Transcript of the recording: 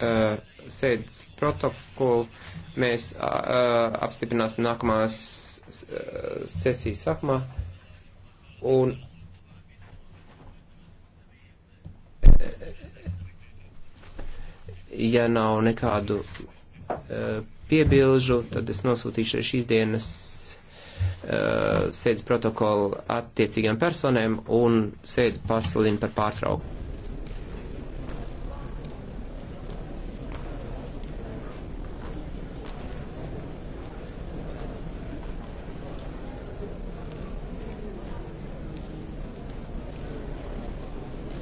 uh, sēdes protokolu mēs uh, uh apstiprināsim nākamās uh, sesijas sākumā. Un uh, ja nav nekādu uh, piebilžu, tad es nosūtīšu šīs dienas uh, sēdes protokolu attiecīgiem personēm un sēdi pasludinu par pārtraukumu.